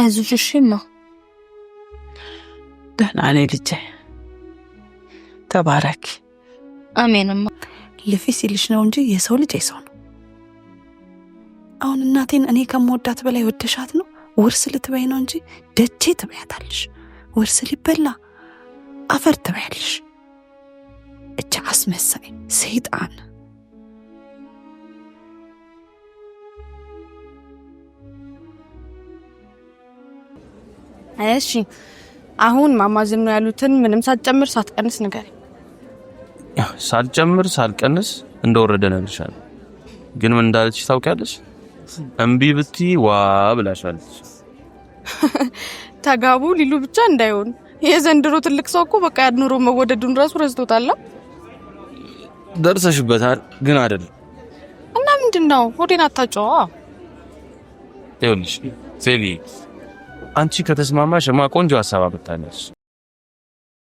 አያዙሽሽማ ደህና ነኝ ልጄ፣ ተባረኪ። አሜንማ። ልፊ ሲልሽ ነው እንጂ የሰው ልጅ የሰው ነው። አሁን እናቴን እኔ ከምወዳት በላይ ወደሻት ነው። ውርስ ልትበይ ነው እንጂ ደቼ ትበያታለሽ። ውርስ ሊበላ አፈር ትበያለሽ። እቻ አስመሳይ ሰይጣን እሺ አሁን ማማዝን ነው ያሉትን ምንም ሳትጨምር ሳትቀንስ ነገር ሳልጨምር ሳልቀንስ እንደወረደ ነግርሻለሁ። ግን ምን እንዳለችሽ ታውቂያለሽ? እምቢ ብቲ ዋ ብላሻለች። ተጋቡ ሊሉ ብቻ እንዳይሆን የዘንድሮ ትልቅ ሰው እኮ በቃ ያድኑሮ መወደዱን ራሱ ረስቶታል። ደርሰሽበታል ግን አይደለም እና ምንድን ነው ሆዴን አታጫዋ ይሁንሽ ሴቪ አንቺ ከተስማማሽ ማ ቆንጆ ሀሳብ አመጣለች።